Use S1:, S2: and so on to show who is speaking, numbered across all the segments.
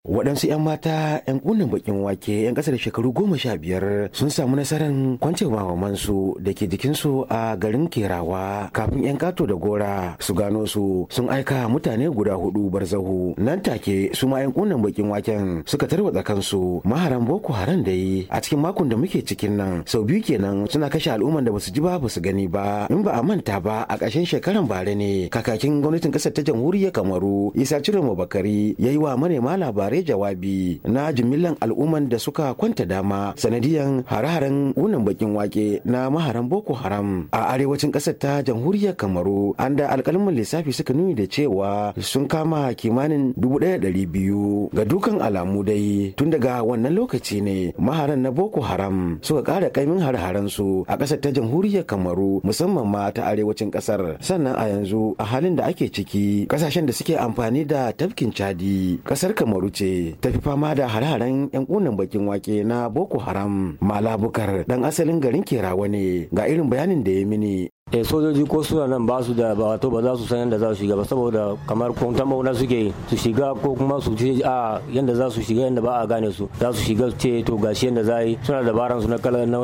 S1: waɗansu 'yan mata 'yan ƙunin bakin wake 'yan ƙasa da shekaru goma sha biyar sun samu nasarar kwance mamansu da ke jikinsu a garin kerawa kafin 'yan kato da gora su gano su sun aika mutane guda hudu barzahu nan take su ma 'yan ƙunin bakin waken suka tarwatsa kansu maharan boko haram da yi a cikin makon da muke cikin nan sau biyu kenan suna kashe al'umman da basu ji ba basu gani ba in ba a manta ba a ƙarshen shekaran bare ne kakakin gwamnatin ƙasar ta jamhuriyar kamaru isa cire bakari ya yi wa manema labarai saurari jawabi na jimillan al'umman da suka kwanta dama sanadiyan hare-haren wunan bakin wake na maharan Boko Haram a arewacin ƙasar ta jamhuriyar Kamaru an da alkalmin lissafi suka nuni da cewa sun kama kimanin dubu biyu. ga dukan alamu dai tun daga wannan lokaci ne maharan na Boko Haram suka kara kaimin hare su a ƙasar ta jamhuriyar Kamaru musamman ma ta arewacin ƙasar sannan a yanzu a halin da ake ciki Kasashen da suke amfani da tafkin Chadi ƙasar Kamaru ce tafi fama da hararen 'yan kunan bakin wake na Boko Haram. Malabukar dan asalin
S2: garin Kerawa ne ga irin bayanin da ya mini e sojoji ko suna nan ba su da ba to ba za su san yadda za su shiga ba saboda kamar kuntan mauna suke su shiga ko kuma su ce a yadda za su shiga yadda ba a gane su za su shiga ce to gashi yadda za yi suna dabaran su na kala na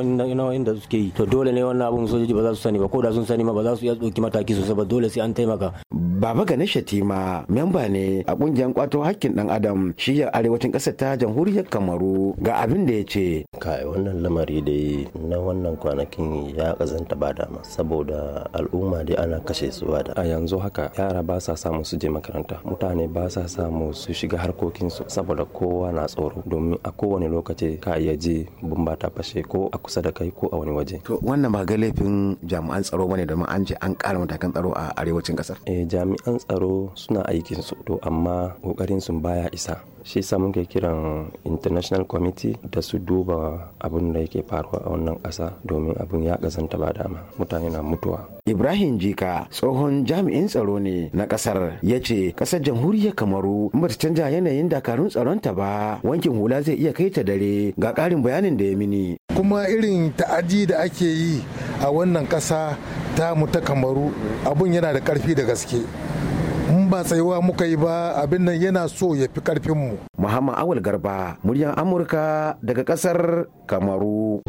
S2: da suke yi to dole ne wannan abun sojoji ba za su sani ba ko da sun sani ma ba za su iya tsoki mataki sosai ba dole sai an taimaka Baba Ganesha Tima memba ne a kungiyar kwato hakkin dan adam shiyar
S3: arewacin ƙasar ta jamhuriyar Kamaru ga abin da ya ce. Kai wannan lamari dai na wannan kwanakin ya kazanta ba dama saboda al'umma dai ana kashe su da. A yanzu haka yara ba sa samu su je makaranta mutane ba sa samu su shiga harkokin su, saboda kowa na tsoro domin a kowane lokaci ka iya je bumba ta fashe ko a kusa da kai ko a wani waje. To wannan ba ga laifin jami'an tsaro bane domin an ce an ƙara matakan tsaro a arewacin ƙasar. Eh jami'an tsaro suna aikin su to amma kokarin sun baya isa shi sa muke kiran international committee da su duba abin da yake faruwa a wannan ƙasa domin abin ya kasanta ba dama mutane na mutuwa ibrahim jika tsohon jami'in
S1: tsaro ne na ƙasar ya ce ƙasar jamhuriyar kamaru ta canja yanayin dakarun tsaron ta ba wankin hula zai iya kai ta dare ga ƙarin bayanin da ya mini kuma irin
S4: ta'adi da ake yi a wannan ƙasa ta mu ta kamaru abun yana da ƙarfi da gaske in ba tsayuwa muka yi ba abin nan yana so ya fi karfin mu
S1: muhammad awal garba muryar amurka daga kasar kamaru